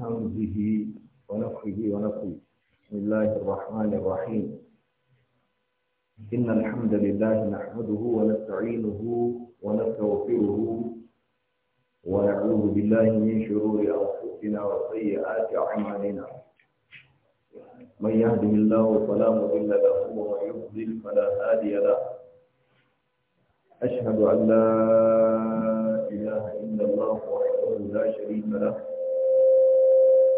بحمده ونفخه ونفخه بسم الله الرحمن الرحيم إن الحمد لله نحمده ونستعينه ونستغفره ونعوذ بالله من شرور أنفسنا وسيئات أعمالنا من يهده الله فلا مضل له ومن يضلل فلا هادي له أشهد أن لا إله إلا الله وحده لا شريك له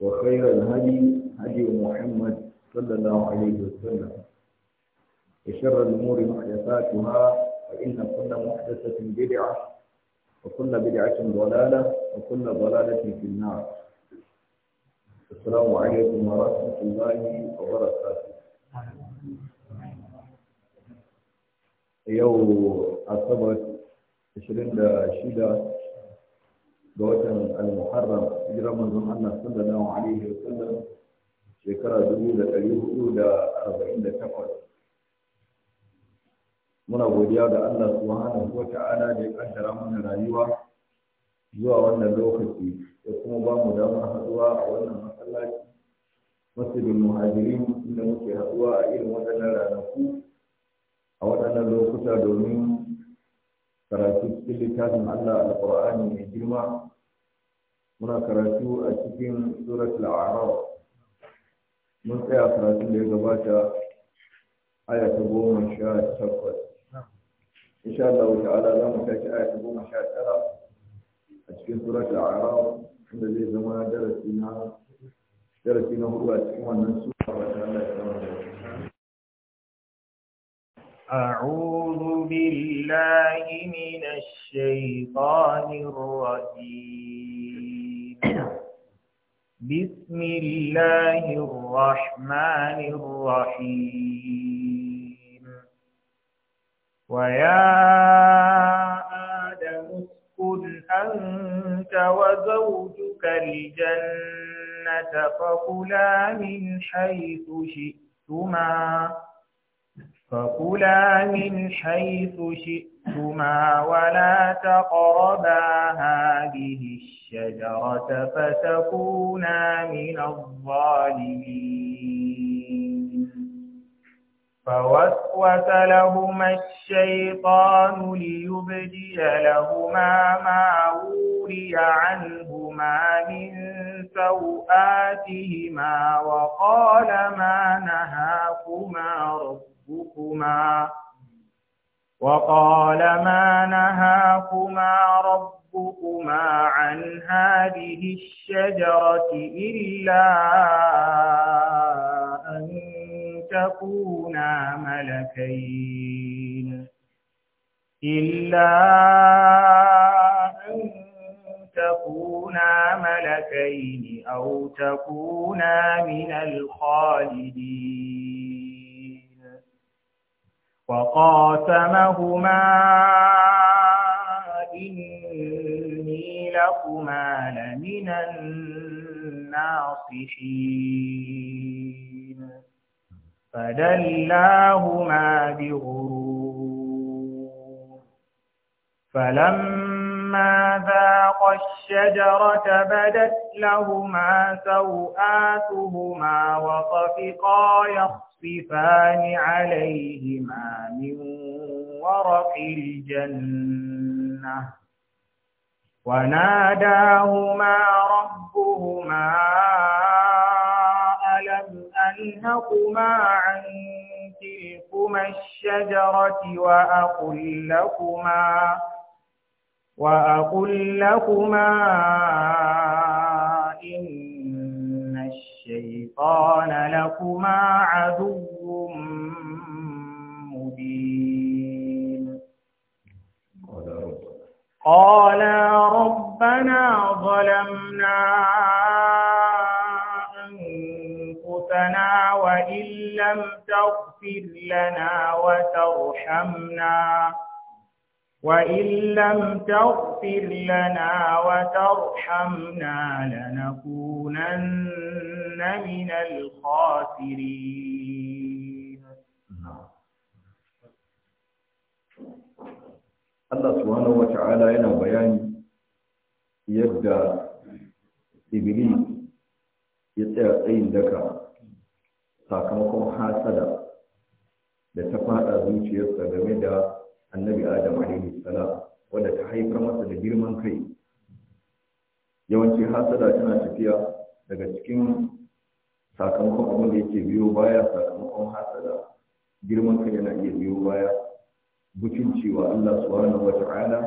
وخير الهدي هدي محمد صلى الله عليه وسلم وشر الأمور محدثاتها فإن كل محدثة بدعة وكل بدعة ضلالة وكل ضلالة في النار السلام عليكم ورحمة الله وبركاته يوم أصبت 26 ga watan al-muharram Jiran manzon Allah sallallahu alaihi wa sallam shekara dubu muna godiya ga Allah subhanahu wa ta'ala da ya kaddara mana rayuwa zuwa wannan lokaci da kuma ba mu damar haɗuwa a wannan masallaci masjidul muhajirin inda muke haɗuwa a irin waɗannan ranaku a waɗannan lokuta domin karatu cikin littafin Allah Al-Qur'ani mai girma muna karatu a cikin surat al'arab mun tsaya karatu da ya gabata aya ta goma sha takwas insha Allah ala za mu tashi aya ta goma sha tara a cikin surat al'arab inda zai zama darasi na darasi na hudu a cikin wannan sura ba tare da أعوذ بالله من الشيطان الرجيم بسم الله الرحمن الرحيم ويا آدم اسكن أنت وزوجك الجنة فكلا من حيث شئتما فكلا من حيث شئتما ولا تقربا هذه الشجرة فتكونا من الظالمين فوسوس لهما الشيطان ليبدي لهما ما وري عنهما من سوآتهما وقال ما نهاكما ربكما ربكما وقال ما نهاكما ربكما عن هذه الشجرة إلا أن تكونا ملكين إلا أن تكونا ملكين أو تكونا من الخالدين وقاسمهما إني لكما لمن الناصحين فدلاهما بغرور فلما ذاقا الشجرة بدت لهما سوآتهما وطفقا يخصفان يخصفان عليهما من ورق الجنة وناداهما ربهما ألم أنهكما عن تلكما الشجرة وأقل لكما وأقل لكما قال لكما عدو مبين قالا ربنا ظلمنا أنفسنا وإن لم تغفر لنا وترحمنا وإن لم تغفر لنا وترحمنا لنكونن لتكونن من الخاسرين Allah subhanahu wa ta'ala yana bayani yadda Iblis ya tsaya tsayin daka sakamakon hasada da ta fada zuciyarsa game da annabi Adam alaihi salam wadda ta haifar masa da girman kai yawanci hasada tana tafiya daga cikin sakamakon abin da yake biyo baya sakamakon hasada girman kai yana iya biyo baya wa Allah subhanahu wa ta'ala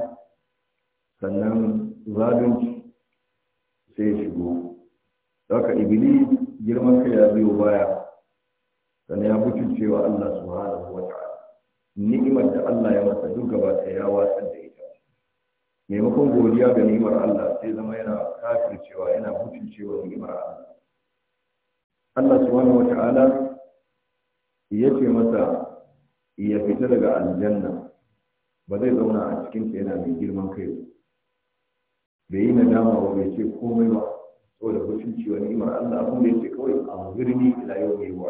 sannan zalunci sai ya shigo daga iblis girman kai ya biyo baya sannan ya wa Allah subhanahu wa ta'ala ni'imar da Allah ya masa duk gaba ta ya wasa da ita maimakon godiya ga ni'imar Allah sai zama yana kafircewa yana bucincewa ni'imar Allah Allah subhanahu wata'ala ya ce masa ya fita daga aljanna ba zai zauna a cikin yana mai girman kai bai yi na dama ba bai ce komai ba saboda hukunci wani imar Allah abin da ya ce kawai a birni ila yau mai wa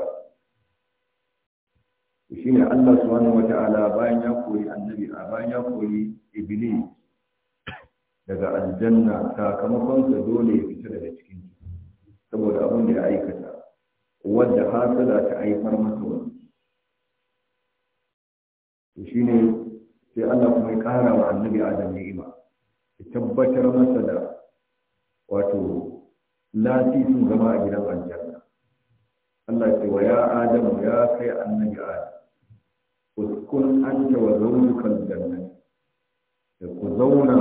shi ne Allah subhanahu wata'ala bayan ya koyi annabi a bayan ya koyi iblis daga aljanna sakamakonsa dole ya fita daga cikin saboda abin da ya aika wadda hasada ta haifar masa wani to ne sai Allah kuma ya ƙara wa annabi Adam ni'ima ya tabbatar masa da wato lasisin zama a gidan aljanna Allah ce wa ya Adam ya kai annabi Adam uskun anta wa zawjuka aljanna da ku zauna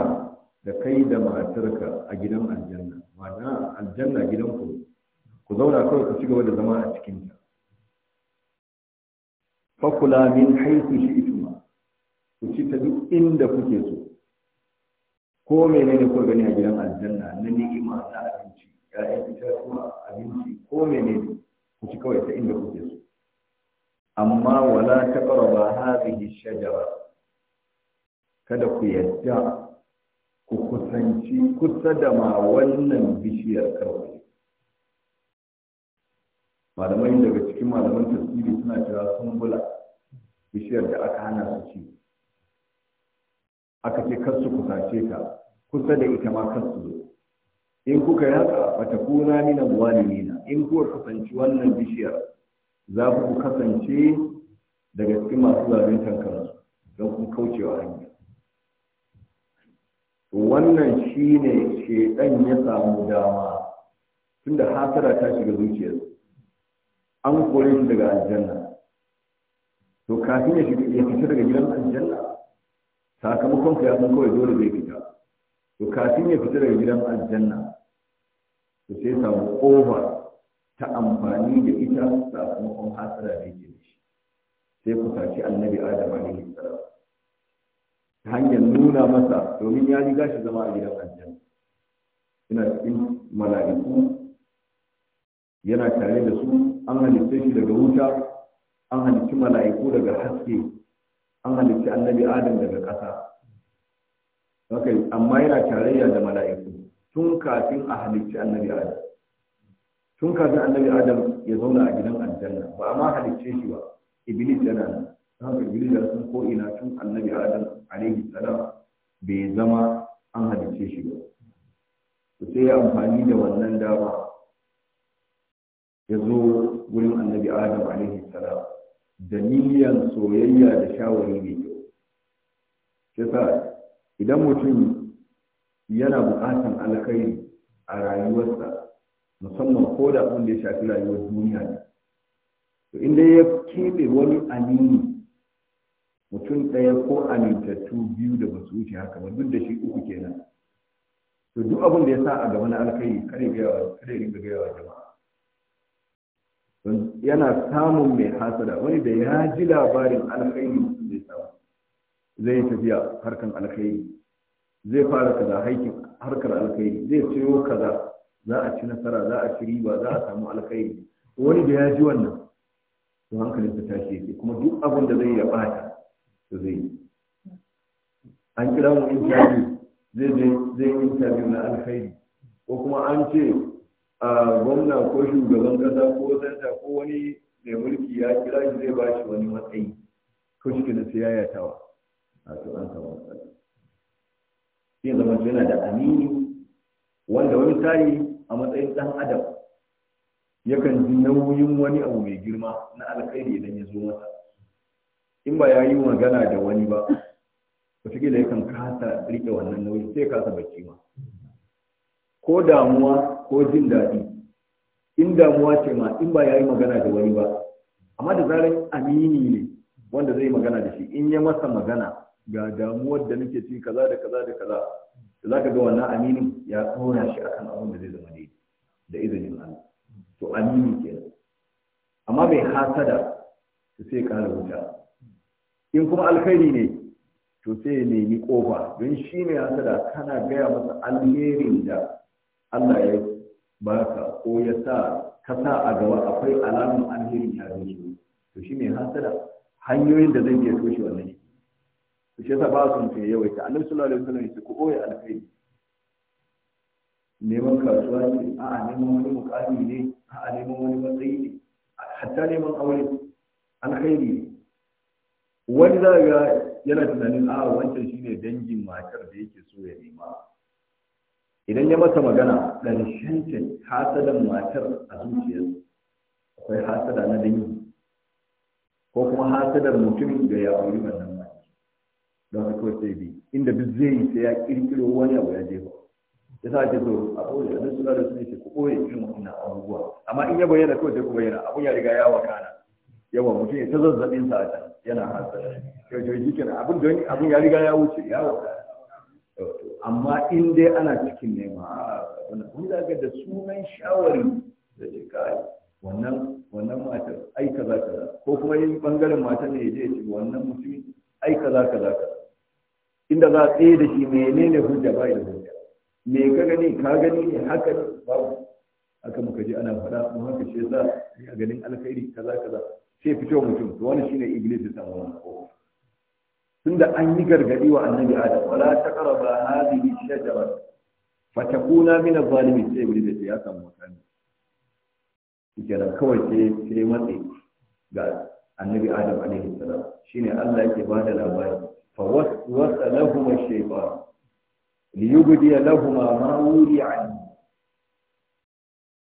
da kai da matarka a gidan aljanna ma'ana aljanna gidan ku ku zauna kawai ku ci gaba da zama a cikin ta fakula min haiku shi ituma ku ci ta duk inda kuke so ko menene ko gani a gidan aljanna na ni'ima na abinci ya'yan itatuwa abinci ko menene ku ci kawai ta inda kuke so amma wala taqraba hadhihi shajara kada ku yadda ku kusanci kusa da ma wannan bishiyar kawai malamai daga cikin malaman tasiri suna sun bula bishiyar da aka hana su ci aka ce kar su kusace ta kusa da ita ma kar su zo in kuka yi haka ba ta kuna ni na nina. in kuka kasance wannan bishiyar za ku kasance daga cikin masu zaluntar kansu don kun kaucewa hanya wannan shine shaidan ya samu dama tunda hasara ta shiga zuciyarsa an kore shi daga aljanna to kafin ya shiga ya fita daga gidan aljanna sakamakon ka ya san kawai dole zai fita to kafin ya fita daga gidan aljanna to sai samu kofa ta amfani da ita sakamakon hasara da yake shi sai ku saci annabi adam alaihi salam ta hanyar nuna masa domin ya riga shi zama a gidan aljanna ina cikin mala'iku yana tare da su an halitta shi daga wuta an halitta mala'iku daga haske an halitta annabi adam daga ƙasa amma yana tarayya da mala'iku tun kafin a halitta annabi adam tun kafin annabi adam ya zauna a gidan aljanna ba a ma halicce shi ba iblis yana nan haka iblis da san ko ina tun annabi adam alaihi salam bai zama an halicce shi ba sai ya amfani da wannan dama ya zo wurin annabi adam alaihi salam da niyyar soyayya da shawari mai ke idan mutum yana bukatan alkhairi a rayuwarsa musamman ko da abin da ya shafi rayuwar duniya ne to inda ya keɓe wani amini mutum ɗaya ko amintattu biyu da basu wuce haka ba duk da shi uku kenan to duk abin da ya sa a gaba na alkhairi kare gaya wa kare gaya jama'a yana samun mai hasada wani da ya ji labarin alkhairi zai samu zai tafiya harkan alkhairi zai fara kaza harkar alkhairi zai ciyo kaza za a ci nasara za a ci riba za a samu alkhairi wani da ya ji wannan to ta tashi yake kuma duk abin da zai ya bata to zai an kira mu interview zai zai zai interview na alkhairi ko kuma an ce gwamna ko shugaban kasa ko santa ko wani mai mulki ya kira shi zai ba shi wani matsayi ko shi da sai ya a to an samu shi sai zama yana da amini wanda wani tari a matsayin dan adam yakan ji nauyin wani abu mai girma na alkhairi idan ya zo masa in ba ya yi magana da wani ba wataƙila yakan kasa rike wannan nauyi sai kasa bacci ma ko damuwa ko jin daɗi in damuwa ce ma in ba ya yi magana da wani ba amma da zarar amini ne wanda zai magana da shi in ya masa magana ga damuwar da nake ci kaza da kaza da kaza da za ka ga wannan aminin ya tsora shi akan abin da zai zama ne da izinin Allah to amini kenan amma bai hasada to sai kara wuta in kuma alkhairi ne to sai ya nemi kofa don shi ne hasada kana gaya masa alherin da Allah ya baka ko ya sa ka sa a gaba akwai alamun alheri ya zo shi to shi ne hasada hanyoyin da zai iya toshe wannan to shi yasa ba su mutum yawaita annabi sallallahu alaihi wasallam ya ce ku boye alheri neman kasuwa ne a'a neman wani mukami ne a'a neman wani matsayi ne hatta neman aure alheri ne wani za ga yana tunanin a'a wancan shine dangin matar da yake so ya nema idan ya masa magana ƙarshen ta hasadan matar a zuciyar akwai hasada na dangi ko kuma hasadar mutum da ya auri wannan mata don ka kawai sai bi inda duk zai yi sai ya kirkiro wani abu ya je ba ya sa ake so a ɓoye a suna da suna ce ku ɓoye irin wannan abubuwa amma in ya bayyana kawai sai ku bayyana abun ya riga ya wakana yawa mutum ya ta zazzabin sa a can yana hasada yau yau shi kenan abin da wani abun ya riga ya wuce ya wakana amma in dai ana cikin nema wanda kun zaga da sunan shawari da ke kai wannan wannan matar ai kaza kaza ko kuma yin bangaren matar ne je ce wannan mutum ai kaza kaza kaza inda za a tsaye da shi menene hujja ba da hujja me ka gani ka gani ne haka babu haka muka ji ana faɗa mu haka shi yasa a ganin alkhairi kaza kaza sai fito mutum to wani shine iblis ya samu wannan tunda an yi gargadi wa annabi adam wala taqraba hadhihi shajara fatakuna min adh-dhalimin sai wuri da ya samu mutane kenan kawai sai sai matsi ga annabi adam alaihi salam shine Allah yake ba da labari fa waswasa lahum ash-shaytan liyubdi lahum ma wuri an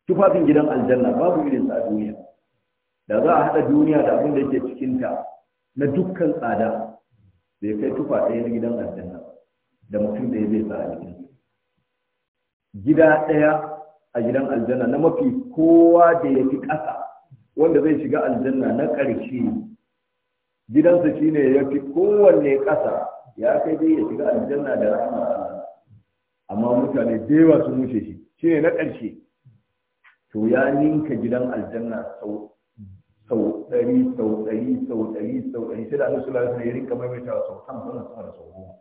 tufafin gidan aljanna babu irin sa duniya da za a hada duniya da abin da yake cikinta na dukkan tsada bai kai tufa ɗaya na gidan aljanna da mutum ɗaya zai sa a jikin gida ɗaya a gidan aljanna na mafi kowa da ya fi ƙasa wanda zai shiga aljanna na ƙarshe gidansa shine ya fi kowanne ƙasa ya kai dai ya shiga aljanna da rahama amma mutane da sun wuce shi shine na ƙarshe to ya ninka gidan aljanna sau sau ɗari sau ɗari sau ɗari sau ɗari sai da Allah sallallahu alaihi ya rinka maimaita sau hamsin sama da sau goma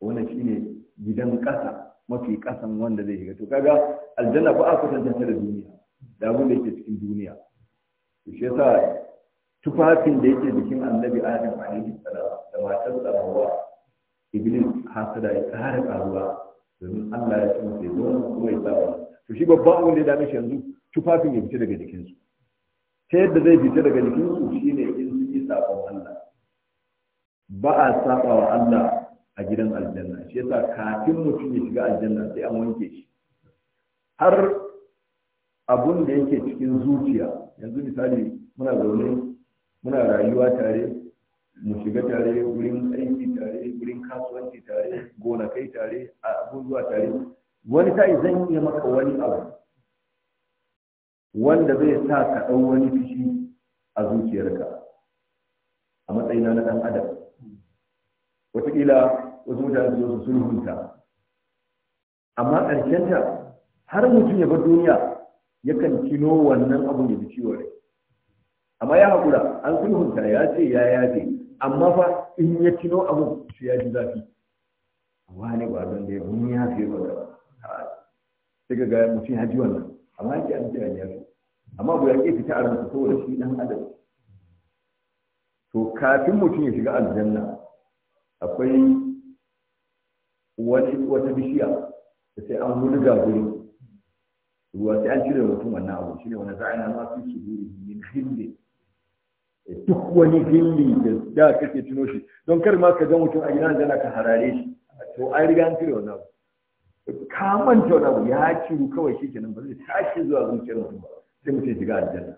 wannan shine gidan ƙasa mafi ƙasan wanda zai shiga to kaga aljanna ba a kusanta ta da duniya da abin da yake cikin duniya to shi yasa tufafin da yake jikin annabi adam alaihi salam da matar sabawa iblis hasada ya ƙara karuwa domin Allah ya ci masa kuma ya sa to shi babban abin da ya dame shi yanzu tufafin ya fita daga jikinsu ta yadda zai fita daga jikinsu shine in su yi sabon Allah ba a saba wa Allah a gidan aljanna shi yasa kafin mutum ya shiga aljanna sai an wanke shi har abun da yake cikin zuciya yanzu misali muna zaune muna rayuwa tare mu shiga tare wurin aiki tare wurin kasuwanci tare gonakai tare abubuwa tare wani ta zan iya maka wani abu wanda zai sa ka ɗau wani fishi a zuciyarka a matsayina na ɗan adam wataƙila wasu mutane su su sulhunta amma ƙarshenta har mutum ya bar duniya yakan kino wannan abun da fi ciwo rai amma ya haƙura an sulhunta ya ce ya yaje amma fa in ya kino abun sai ya ji zafi wani ba don da ya fi ya fi ba sai ga mutum ya ji wannan amma yake an kira ya amma ba ya ke fita a ransa saboda shi dan adam to kafin mutum ya shiga aljanna akwai wani wata bishiya da sai an ga guri ruwa sai an cire mutum wannan abu shine wani za'ina ma fi suduri min hilli eh, duk wani hilli da da kake tuno shi don kar ma ka ga mutum a gidan da ka harare shi to ai riga an cire wannan abu ka manta wani ya ci kawai shi kenan ba zai tashi zuwa zuciyar mutum ba sai mutum shiga aljanna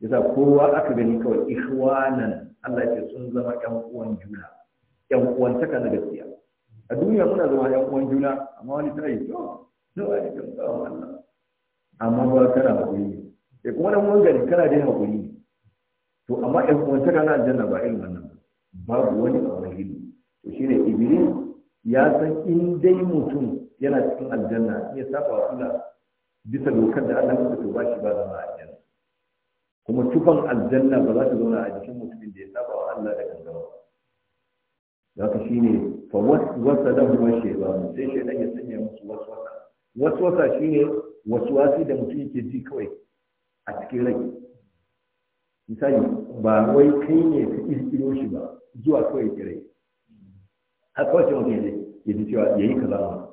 yasa kowa aka gani kawai ihwanan Allah ya ce sun zama ƴan uwan juna ƴan uwan taka na gaskiya a duniya muna zama ƴan uwan juna amma wani ta yi to to wani kan tsawon Allah amma ba kana hakuri ne sai eh, kuma dan wani gani kana dai hakuri ne to amma ƴan uwan taka na aljanna ba irin wannan babu wani a wani to shine iblis ya san in dai mutum yana cikin aljanna iya saba wa Allah bisa dokar da Allah ya ba shi ba zama aljanna kuma tufan aljanna ba za ta zauna a jikin mutumin da ya saba wa Allah da gangara ba haka shine fa waswasa lahu shaytan sai shaytan ya sanya musu waswasa waswasa shine waswasi da mutum yake ji kawai a cikin rai misali ba wai kai ne ka kirkiro shi ba zuwa kawai kire har kawai mutum ya ji cewa ya yi kaza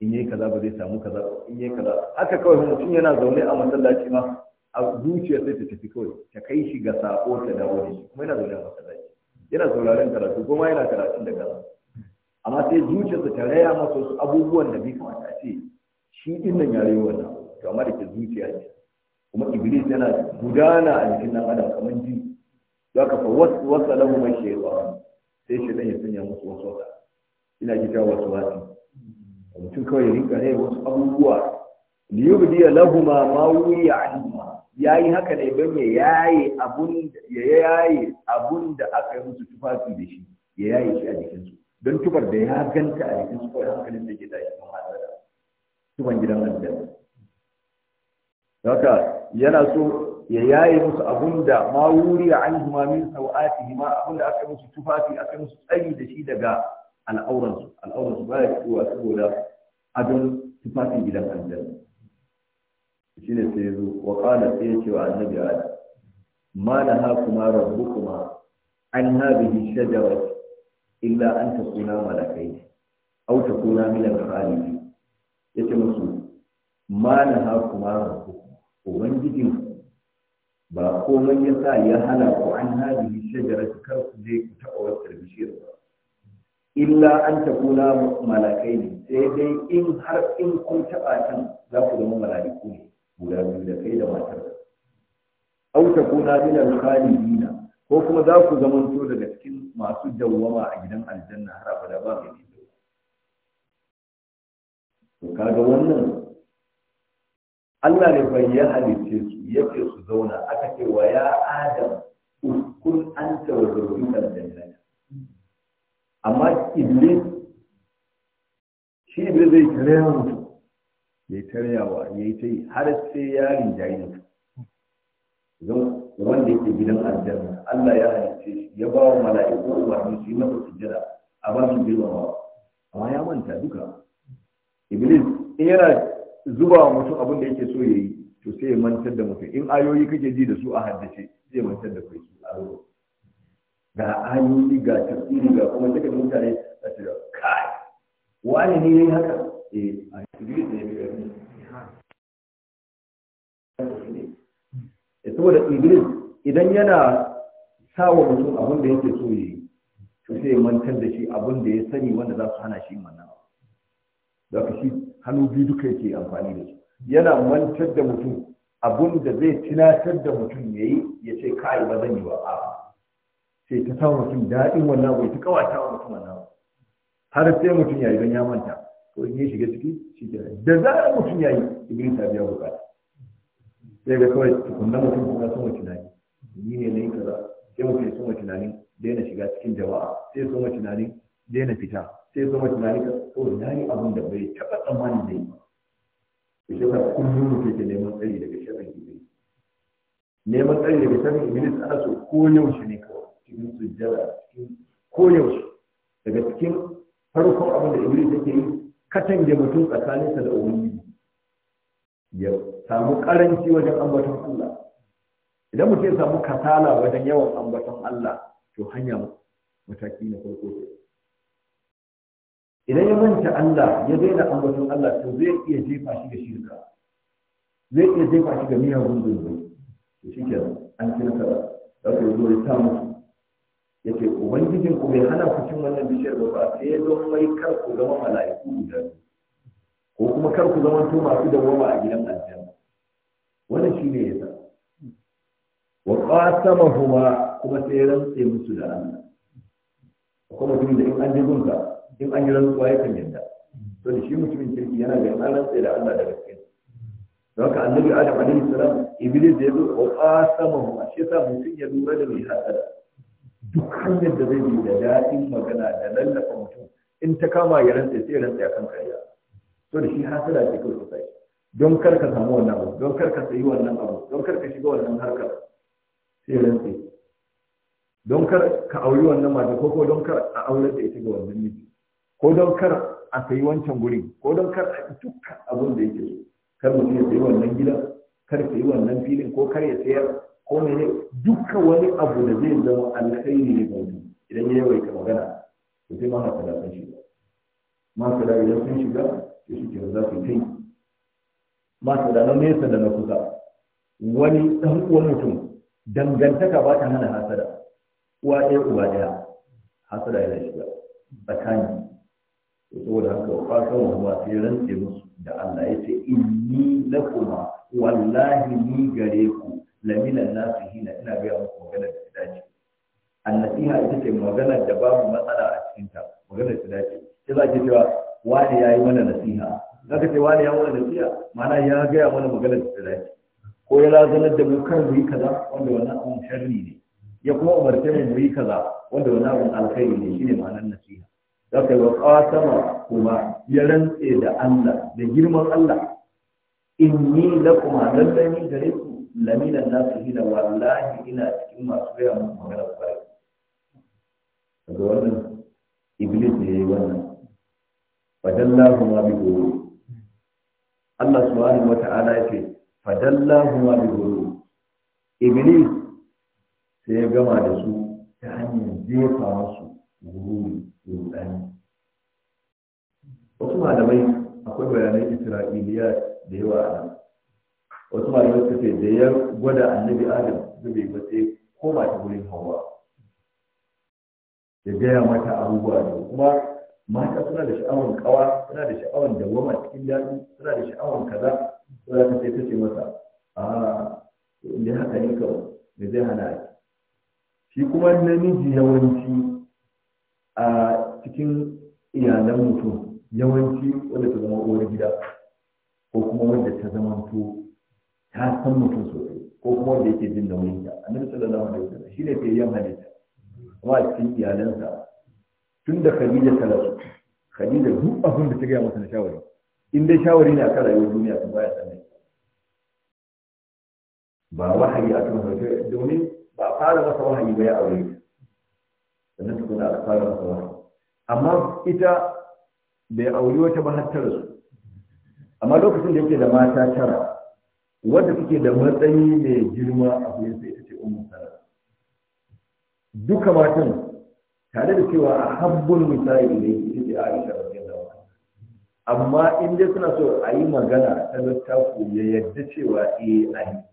in yi kaza ba zai samu kaza in yi kaza haka kawai mutum yana zaune a masallaci ma a zuciya sai ta tafi kawai ta kai shi ga sako ta dawo da shi kuma yana zaune a masallaci yana sauraron karatu kuma yana karatun da kaza amma sai zuciyarsa ta raya masa wasu abubuwan da bai kamata a ce shi din nan ya rayu wannan to amma da ke zuciya ce. kuma iblis yana gudana a jikin dan adam kamar ji za ka fa wasu wasu lahu mai shaytan sai shaytan ya sanya musu wasu wasa ina ji ta wasu wasu mutum kawai ya rinka ne wasu abubuwa ya lahuma ma wuya ya yi haka ne don ya yaye abun da aka yi musu tufafi da shi ya yaye shi a jikin su don tubar da ya ganta a jikin su kawai hankalin da ke da tashi kuma hasara tuban gidan aljanna haka yana so ya yaye musu abun da ma a anhuma min ma abun da aka yi musu tufafi aka yi musu tsari da shi daga al'auransu al'auransu ba ya fitowa saboda adon tufafin gidan aljanna shi ne sai zo wa kala sai ya ce wa annabi adam ma na ha kuma rabu kuma an habihi shajarar illa an ta suna malakai au ta suna milan khalidi ya ce musu ma na ha kuma rabu ubangijin ba komai ya sa ya hana ku an habihi shajarar kar ku je ku taɓa wasu bishiyar ba illa an ta kuna malakai ne sai dai in har in kun taba can za ku zama malaiku ne guda biyu da kai da matar au ta kuna min al-khalidina ko kuma za ku zama to daga cikin masu dawwama a gidan aljanna har abada ba mai fito to kaga wannan Allah ne bai ya halice su ya su zauna aka ce wa ya adam kun an wa zawjuka al amma iblis shi ne zai tare mutu ya taryawa ya yi ta yi har sai ya rinjaye mutu don wanda yake gidan aljanna Allah ya halitta shi ya ba wa mala'iku umarni su yi masa sujjada a ba su girmama amma ya manta duka iblis in yana zuba wa mutum abin da yake so ya yi to sai ya mantar da mutum in ayoyi kake ji da su a haddace zai mantar da kai su a lokaci ga ayoyi ga tafsiri ga kuma duka mutane a cikin kai wani ne yayi haka eh a cikin da ya Ya eh, saboda iblis idan yana sawa mutum abin da yake so yi to sai ya mantar da shi abin da ya sani wanda za su hana shi wannan da ka shi hannu biyu duka yake amfani da shi, yana mantar da mutum abin da zai tunatar da mutum ya yi ya ce kai ba zan yi ba a sai ta samu mutum daɗin wannan abu ta kawata wa mutum wannan abu har sai mutum ya yi don ya manta ko in ya shiga ciki shi ke da zarar mutum ya yi iblis ta biya bukata sai ga kawai tukunan mutum kuma sun wa tunani ni ne na yi kaza sai mutum ya sun wa tunani daina shiga cikin jama'a sai sun wa tunani daina fita sai sun wa tunani ka ko na yi abin da bai taɓa tsammanin da yi ba. Shi ka kullum mutum ke neman tsari daga shirin iblis. Neman tsari daga shirin iblis ana so ko yaushe ne kawai. cikin sujjada cikin koyaushe daga cikin farkon abin da iblis yake yi da mutum tsakaninsa da ubangiji ya samu karanci wajen ambaton Allah idan mutum ya samu kasala wajen yawan ambaton Allah to hanya mataki na farko idan ya manta Allah ya daina ambaton Allah to zai iya jefa shi ga shirka zai iya jefa shi ga miyagun zunubi to shi ke an ci nasara za ku zo ya samu Yake ubangijin ku bai hana ku cin wannan bishiyar ba ba sai don mai kar ku zama mala'iku guda ko kuma kar ku zama to masu dawama a gidan aljanna wannan shine yasa wa qasamahuma kuma sai rantsa musu da Allah kuma mutum da in an ji gunta in an yi rantsuwa yakan yadda to shi mutumin kirki yana da yana rantsa da Allah da gaske don ka annabi adam alaihi salam iblis ya zo wa qasamahuma shi yasa mutum ya lura da mai hasada duk hanyar da zai da daɗin magana da lallafa mutum in ta kama ya rantsa sai rantsa ya kan karya to da shi hasada ce kawai sosai don kar ka samu wannan abu don kar ka sayi wannan abu don kar ka shiga wannan harkar sai rantsa don kar ka auri wannan mata ko ko don kar a aure da ita ga wannan miji ko don kar a sayi wancan gurin ko don kar a dukkan abin da yake so kar mutum ya sayi wannan gida kar ka sayi wannan filin ko kar ya sayar ko ne duka wani abu da zai zama alkhairi ne mutum idan ya yawaita magana to sai ma haka da shi ka da idan sun shiga sai su ke za su kai ka da na nesa da na kusa wani dan uwan mutum dangantaka ba ta hana hasada uwa ɗaya uwa ɗaya hasada yana shiga tsakani to saboda haka wa fasan wa ba sai rantse musu da Allah ya ce inni lakuma wallahi ni gare ku laminan nasu hina ina biya muku magana da ta dace annasiha ita ce magana da babu matsala a cikinta magana da ta dace sai za ki cewa wani ya yi mana nasiha za ka ce wani ya mana nasiha mana ya gaya mana magana da ta dace ko ya lazanar da mu kan mu yi kaza wanda wannan abun sharri ne ya kuma umarce mu yi kaza wanda wannan abun alkhairi ne shine ma'anar nasiha za ka yi wa ƙasama kuma ya rantse da Allah da girman Allah kuma lakuma lallani gare ku Lamina na nasu da wallahi ina cikin masu gaya mun magana kwarai daga wannan iblis ne ya yi wannan fadallahu ma bi goro Allah subhanahu wa ta'ala ya ce fadallahu ma bi goro iblis sai ya gama da su ta hanyar jefa musu gururi rudani wasu malamai akwai bayanan isra'iliya da yawa a nan wasu malamai suka ce da ya gwada annabi adam zai ba sai koma ta wurin hawa ya gaya mata abubuwa ne kuma mata suna da sha'awar kawa suna da sha'awar dawama cikin daɗi suna da sha'awar kaza suna ta sai ta ce masa a inda haka ne kawai da zai hana shi kuma namiji yawanci a cikin iyalan mutum yawanci wanda ta zama uwar gida ko kuma wanda ta zama to ta san mutum sosai ko kuma wanda yake jin nauyin ta annabi sallallahu alaihi wasallam shi ne ke yan halitta kuma a cikin iyalansa tun da khadija ta rasu khadija duk abin da ta gaya masa na shawari in dai shawari ne akan rayuwar duniya to baya sanin ba wahayi a kan hoto domin ba a fara masa wahayi ba ya aure sannan tukuna a fara masa wahayi amma ita bai aure wata ba har ta rasu amma lokacin da yake da mata tara wanda take da matsayi mai girma a gurin sai ita ce ummu salama duka matan tare da cewa a habbul misali ne ita ce Aisha radiyallahu anha amma in dai suna so a yi magana ta ku ya yadda cewa eh ai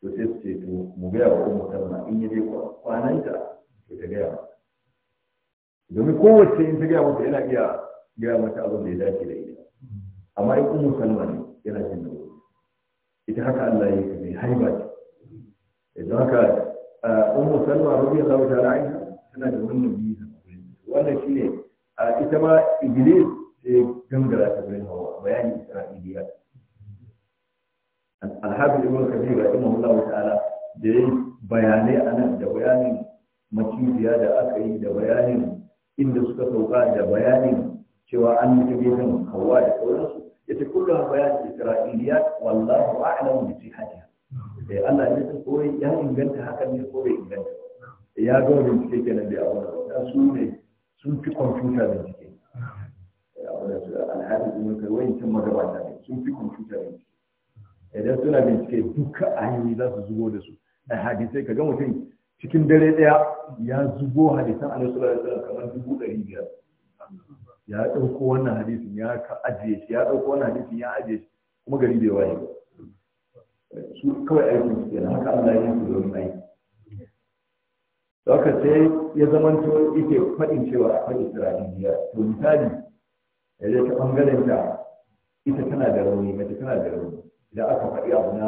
to sai su ce to mu ga wa ummu salama in yaje kwananta to ta ga yawa domin kowace in ta gaya mata yana iya gaya mata abin da ya dace da ita amma in ummu salama ne yana jin nauyi ita haka Allah ya yi mai haiba ce idan haka ummu salma radiyallahu ta'ala anha tana da wannan biyu wannan shine ita ma iblis sai gangara ta gurin hawa bayani isra'iliya alhabi ibn kabir rahimahullahu ta'ala da yayi bayanai anan da bayanin maciziya da aka yi da bayanin inda suka sauka da bayanin cewa an yi gefen hawa da sauransu yace kulluha bayan isra'iliyat wallahu a'lamu bi sihhatiha eh Allah ne ko ya inganta hakan ne ko bai inganta ya ga bincike kenan da abu da su ne sun fi kwamfuta da jike eh, alhali kuma kai wani ne sun fi da idan suna bincike duka ayoyi za su zubo da su a hadisai ka ga mutum cikin dare daya ya zubo hadisan alaihi sallallahu alaihi wasallam kamar dubu ɗari biyar ya ɗauko wannan hadisin ya ka ajiye shi ya ɗauko wannan hadisin ya ajiye shi kuma gari bai waye su kawai aikin su kenan haka Allah ya yi su mai aiki haka sai ya to yake faɗin cewa a faɗi isra'iliya to misali ya je ta ɓangaren ta ita tana da rauni mace tana da rauni idan aka faɗi abu na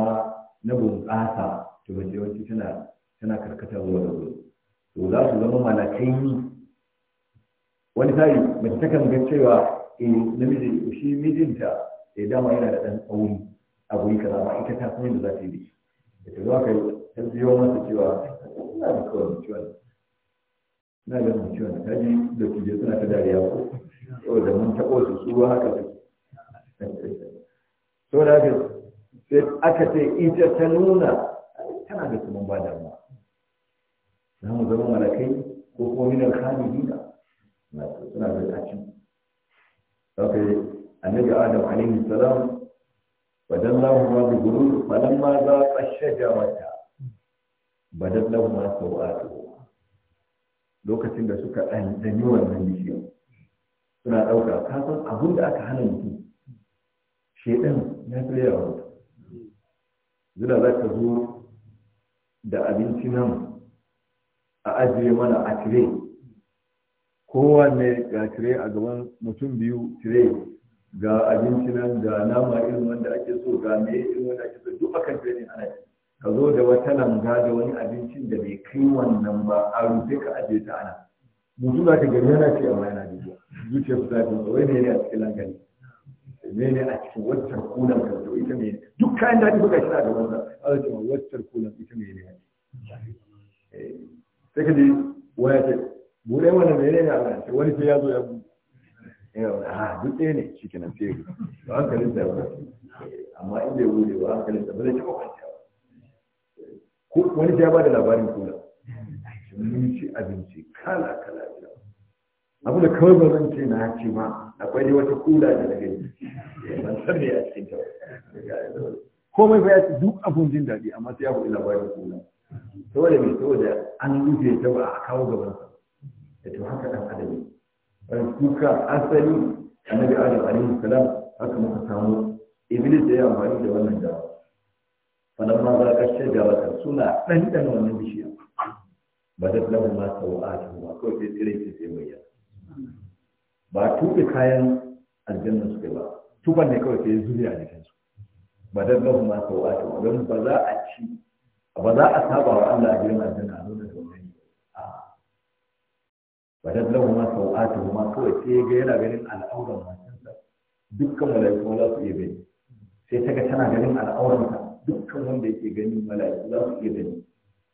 na bunƙasa to mace wacce tana tana karkata zuwa da to za su zama malakai wani tari mace ta kan ga cewa eh, namiji shi mijinta ya eh, dama yana da ɗan tsauri a guri kaza ma ita ta san yadda za ta yi da ta zo aka yi ta biyo masa cewa ina da kawai ne ina da ne ta ji da kuje suna ta dariya ko da mun taɓo su su haka su da haka sai aka ce ita ta nuna tana da mun ba damuwa za mu zama malakai ko kuma minar khamidina suna da tashi okay annabi adam alaihi salam Wajen badallahu ma bi gurur falamma za qashajarata badallahu ma sawatu lokacin da suka ɗanɗani wannan bishiyar suna ɗauka kasan abin da aka hana mutum shedan ya fi yawa mutum zina za ka zo da abinci nan a ajiye mana a tire kowanne ga tire a gaban mutum biyu tire ga abinci nan ga nama irin wanda ake so ga me irin wanda ake so duk akan tire ne ana ka zo da wata langa da wani abincin da bai kai wannan ba a rufe ka aje ta ana mutum za ka gani yana ce amma yana duba zuciya su zafi wai ne ne a cikin langani ne ne a cikin wancan kulan ka to ita ne duk kayan da ake buga shi a gaban sa a zai ce wancan kulan ita ne ne eh, sai ka ji waya ce bude wani mene ne Allah ce wani sai ya zo ya bude a ah, duk ɗaya ne shi ke nan sai ba hankalin da ba amma in bai bude ba hankalin da ba zai taɓa kwanciya ba wani sai ya bada labarin kula mun ci abinci kala kala abu da kawai ba zan ce na ci ma akwai dai wata kula da daga yi eh, ban san me a cikin ta komai ba ya ci duk abun jin daɗi amma sai ya bude labarin kula saboda me saboda an rufe ta ba a kawo gaban sa da to haka dan adami ne kuka asali annabi adam alaihi salam haka muka samu iblis da ya amfani da wannan dawa ma za ka shaida wata suna ɗanɗana wannan bishiya ba da lamu ma sau'atu ba kawai sai tsire sai sai bayyana ba tuɓe kayan aljanna suka ba tuban ne kawai sai zuri a jikinsu ba da lamu ma sau'atu ba don ba za a ci ba za a saba wa Allah a gidan aljanna a nuna badat lahu ma sau'atu ma kawai sai ga yana ganin al'auran matansa dukkan mala'iku za su iya gani sai ta ga tana ganin al'auransa dukkan wanda yake gani mala'iku za su iya gani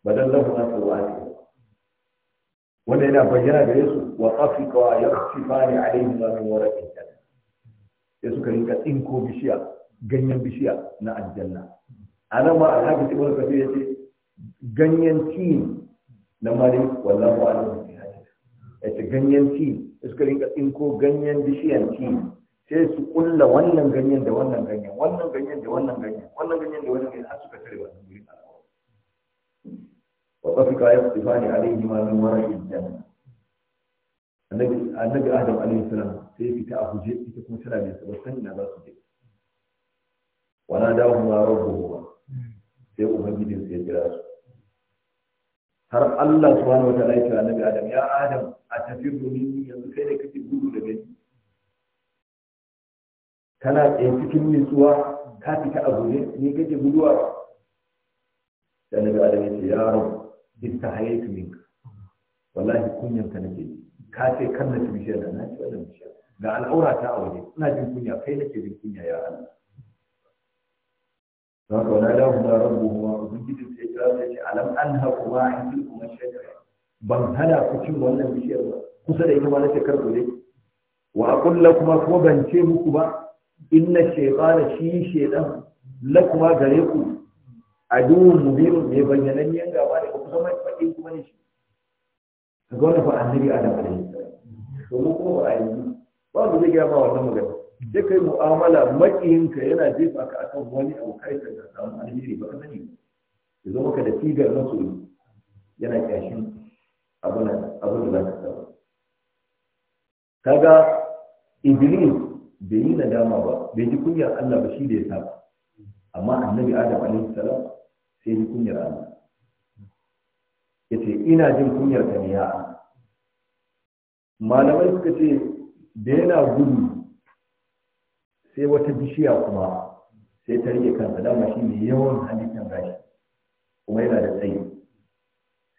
badat lahu ma sau'atu wanda yana bayyana gare su wa tafika wa yakhsifani alayhi ma min wara janna sai suka rinka tsinko bishiya ganyen bishiya na aljanna anan ma alhaji ibn kafir yace ganyen tin na mali wallahu a'lam ya ci ganyen ti suka rinka ɗinko ganyen bishiyan ti sai su kulla wannan ganyen da wannan ganyen wannan ganyen da wannan ganyen wannan ganyen da wannan ganyen har suka tare wannan kawai wa tafika yaqtifani alayhi ma min waraqil janna annabi annabi adam alayhi salam sai fita a huje ita kuma tana mai sabon sani na za su je wana dawo ma ba, hmm. sai ubangijin sai ya jira su har Allah subhanahu wataala ya kira nabi Adam ya Adam a tafi domin yanzu kai da kake gudu da gani kana tsaye cikin nutsuwa ka fita a guje ni kake guduwa da nabi Adam ya ce ya rabu bista hayaitu min wallahi kunyan ka nake ka ce kan na ci bishiyar da na ci bishiyar ga al'aura ta a waje ina jin kunya kai nake jin kunya ya Allah za ka wani dahu na rabu kuma ubangiji sai kira sai ce alam an haku ma an ci kuma shekara ban hana ku cin wannan bishiyar ba kusa da ita ma na shekar ku ne wa kulla kuma kuma ban ce muku ba inna shaytana shi shaytan kuma gare ku aduwwun mubin mai bayyanannen gaba ne kuma mai fadin kuma ne shi Ka ga wani fa annabi adam alaihi salam to mu ko a yanzu ba mu zai gaba wannan magana sai kai mu'amala makiyinka yana jefa ka akan wani abu kai ka samu alheri ba sani ya zama ka da na masoyi yana kyashin abin da za ka samu kaga iblis bai yi nadama ba bai ji kunyar Allah ba shi da ya saba amma annabi adam alaihi salam sai ji kunyar Allah yace ina jin kunyar ka ne ya malamai suka ce da yana gudu sai wata bishiya kuma sai ta rike kansa dama shi mai yawan halittar gashi kuma yana da tsayi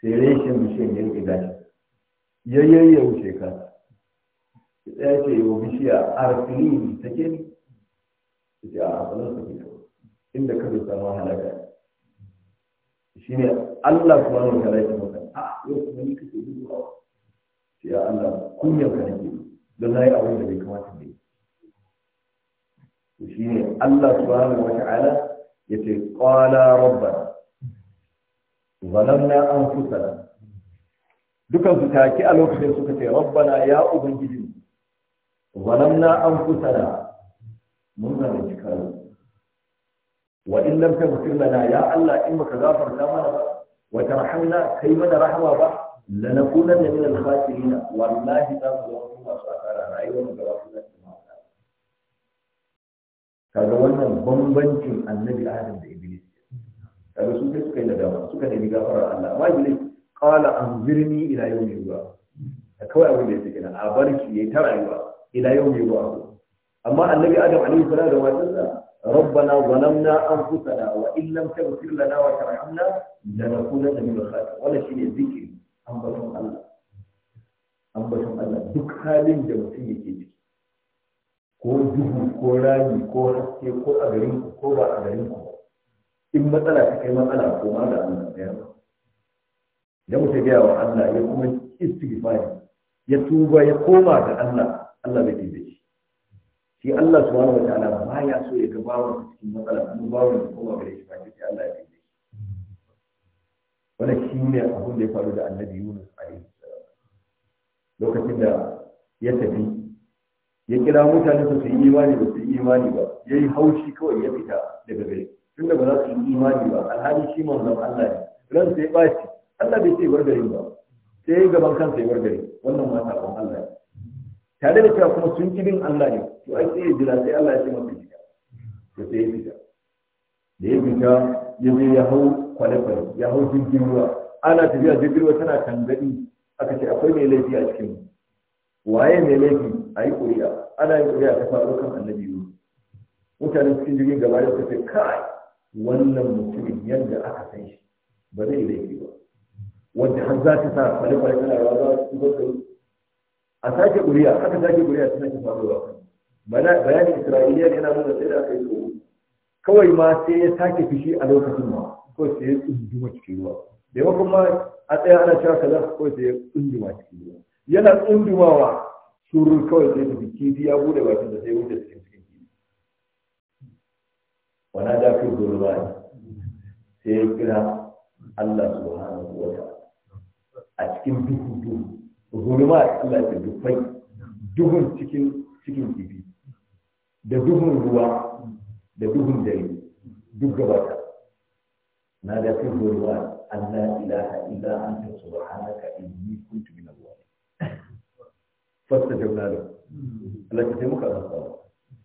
sai reshen bishiyar ya rike gashi yayyan ya wuce kansa ya ce yau bishiya arfini take ne ta ce a ba za fito inda ka zo samu halaka shi ne Allah kuma ne ka laifin maka a yau kuma ni kake zuwa sai ya Allah kunyar ka nake don na yi abin da bai kamata ne shi ne Allah subhanahu wa ta'ala ya ce qala na. zalamna anfusana dukan su take a lokacin suka ce na ya ubangiji zalamna anfusana mun zalunci kanmu wa in lam taghfir lana ya Allah in baka gafarta mana ba wa tarhamna kai mana rahama ba lanakunanna min al-khasirin wallahi za mu zama masu asara rayuwar mu gaba ɗaya kaga wannan bambancin annabi adam da iblis kaga su sai suka yi nadama suka nemi gafarar Allah amma iblis qala anzirni ila yawmi yub'a kawai abin da yake kenan a bar shi yayi ta rayuwa ila yawmi yub'a amma annabi adam alaihi salatu wa sallam ربنا ظلمنا انفسنا وان لم تغفر لنا وترحمنا لنكونن من الخاسرين ولا شيء ذكر an batun Allah an batun Allah duk halin da mutum yake ciki ko duhu ko rami ko haske ko a garin ku ko ba a garin ku in matsala ta kai matsala ko ma da Allah ya idan mutum ya wa Allah ya kuma istighfar ya tuba ya koma ga Allah Allah bai taimake shi shi Allah subhanahu wa ta'ala ya so ya ga bawan cikin matsala kuma bawon ya koma gare shi ba shi Allah ya taimake shi wala shi ne abin da ya faru da Annabi Yunus alaihi salam lokacin da ya tafi ya kira mutane su yi imani ba su yi imani ba ya yi haushi kawai ya fita daga gari tunda ba za su yi imani ba alhali shi manzon Allah ne ran sai shi Allah bai ce bar gari ba sai gaban kansa ya bar gari wannan ma sakon Allah ne tare da cewa kuma sun kibin Allah ne to ai sai jira sai Allah ya ce masa fita to sai ya fita da ya fita ya je ya hau kwale-kwale ya hau jirgin ruwa ana tafiya jirgin ruwa tana tangadi aka ce akwai mai laifi a cikin waye mai laifi a yi ƙuri'a ana yin ƙuri'a ta faɗo kan annabi ne mutanen cikin jirgin gaba da suka kai wannan mutumin yadda aka san shi ba zai laifi ba wanda har za ta sa kwale-kwale tana rawa za su zubar da a sake ƙuri'a aka sake ƙuri'a ta sake ba. bayanin isra'iliya yana nuna sai da aka yi tsoro kawai ma sai ya sake fishi a lokacin ma ko sai ya tsunduma cikin ruwa da yawa kuma a tsaya ana cewa kaza ko sai ya tsunduma cikin ruwa yana tsundumawa shurur kawai sai tafi kifi ya bude bakin da sai wuce cikin cikin kifi wana da fi ba sai ya kira Allah subhanahu wa ta'ala a cikin duhu duhu a cikin lafi dufai duhun cikin cikin kifi da duhun ruwa da duhun dare duk gabata na da fi ba Allah ilaha illa anta subhanaka inni kuntu fasta jauna da Allah ka sai muka amsa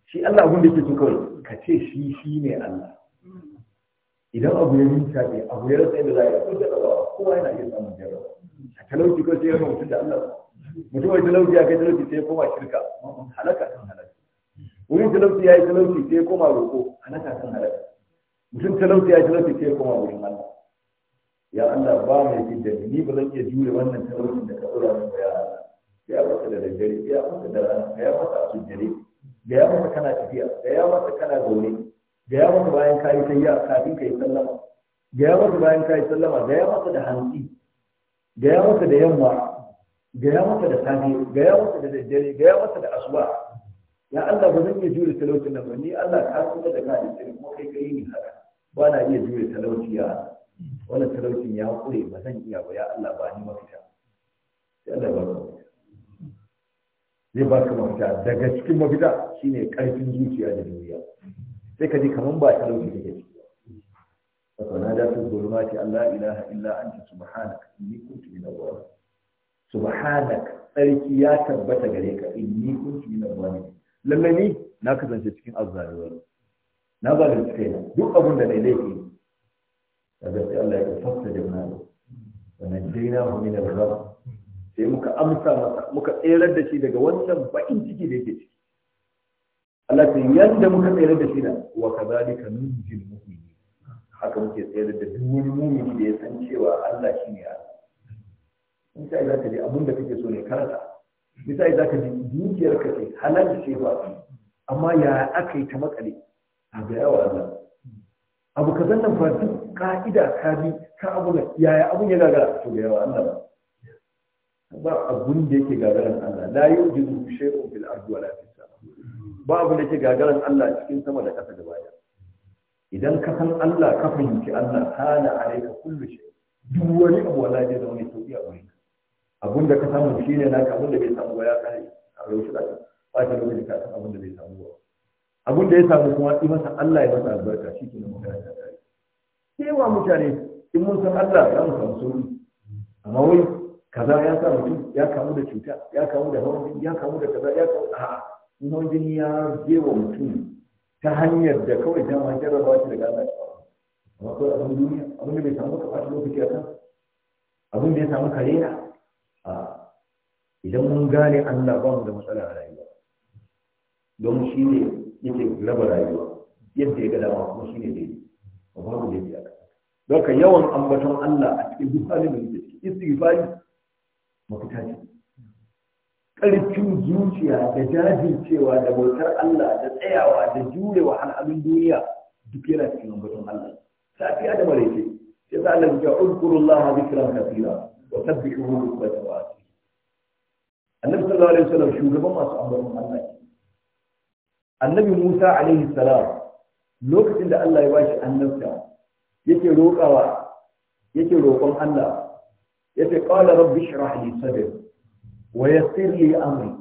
shi Allah abin da ke so kawai ka ce shi shi ne Allah idan abu ya minta ne abu ya rasa da za a yi ko jarabawa kowa yana iya samun jarabawa a talauci ko sai ya mutum da Allah mutum wai talauci ya kai talauci sai ya koma shirka halaka kan halaka wurin talauci ya yi talauci sai ya koma roƙo halaka kan halaka mutum talauci ya yi talauci sai ya koma wurin Allah ya Allah ba mai jin da ni ba zan iya jure wannan talaucin da ka tsora min ba ya Allah gaya masa da daddare gaya masa da rana gaya masa a sujjare gaya masa kana tafiya gaya masa kana zaune gaya masa bayan ka yi tayya kafin ka yi sallama gaya masa bayan ka yi sallama gaya masa da hantsi gaya masa da yamma gaya masa da safe gaya masa da daddare gaya masa da asuba ya Allah ba zan iya jure talaucin nan ba ni Allah ka kuma da ka da kuma kai kai ni haka ba na iya jure talauci ya wannan talaucin ya kure ba zan iya ba ya Allah ba ni mafita sai Allah ba zai ba ka mafita daga cikin mafita shine karfin zuciya da duniya sai ka ji kaman ba talauci da ke ciki ba fa na da su ce Allah ilaha illa anta subhanaka inni kuntu min al subhanaka tsarki ya tabbata gare ka inni kuntu min al-zalimin lalle ni na kasance cikin azzalimai na ba da cikai duk abin da dai laifi daga sai Allah ya fassa da mana wannan dai na hu min al-rabb sai muka amsa masa muka tserar da shi daga wancan bakin ciki da yake ciki Allah ta yanda muka tserar da shi na wa kadhalika nunjil mu'minin haka muke tserar da duk wani mu'mini da ya san cewa Allah shi ne in sai zaka ji abin da kake so ne karanta misali zaka ji dukiyar ka ce halal ce ba amma ya aka yi ta makale a ga yawa Allah abu kazan nan fa duk ka'ida ka bi ka abu yaya abun ya gagara to ga yawa Allah ba ba abun da yake gagaran Allah la yujidu shay'un fil ardi wala fis sama ba abun da yake gagaran Allah cikin sama da ƙasa da baya idan ka san Allah ka fahimci Allah kana alayka kullu shay duk wani abu wala da zai to iya wani abun da ka samu shine naka abun da bai samu ba ya kai a rayuwar ka ba ta da ka san abun da bai samu ba abun da ya samu kuma in masa Allah ya masa albarka shi ke nan magana ta sai wa mutane in mun san Allah za mu samu sauri amma wai kaza ya sa mutum ya kamu da cuta ya kamu da hawan jini ya kamu da kaza ya kamu a hawan jini ya je wa mutum ta hanyar da kawai dama ba shi daga Allah amma kawai abin duniya abin da bai samu ka ɓata lokaci a kan abin da ya samu karera a idan mun gane Allah ba mu da matsala a rayuwa don shi ne yake raba rayuwa yadda ya ga dama kuma shi ne dai. ba babu daidai a kan don ka yawan ambaton Allah a cikin duk halin da yake istighfari mafita ce ƙarfin zuciya da jajircewa da bautar Allah da tsayawa da jure wa al'adun duniya duk yana cikin lambatun Allah safiya da mare maraice Ya za a ya uzkuru Allah zikran kafira, wa sabbihuhu bukratan wa asila Annabi sallallahu alaihi wasallam shugaban masu ambaton Allah Annabi Musa alaihi salam lokacin da Allah ya bashi annabta yake roƙawa yake roƙon Allah يقول قال رب اشرح لي صدر ويسر لي امري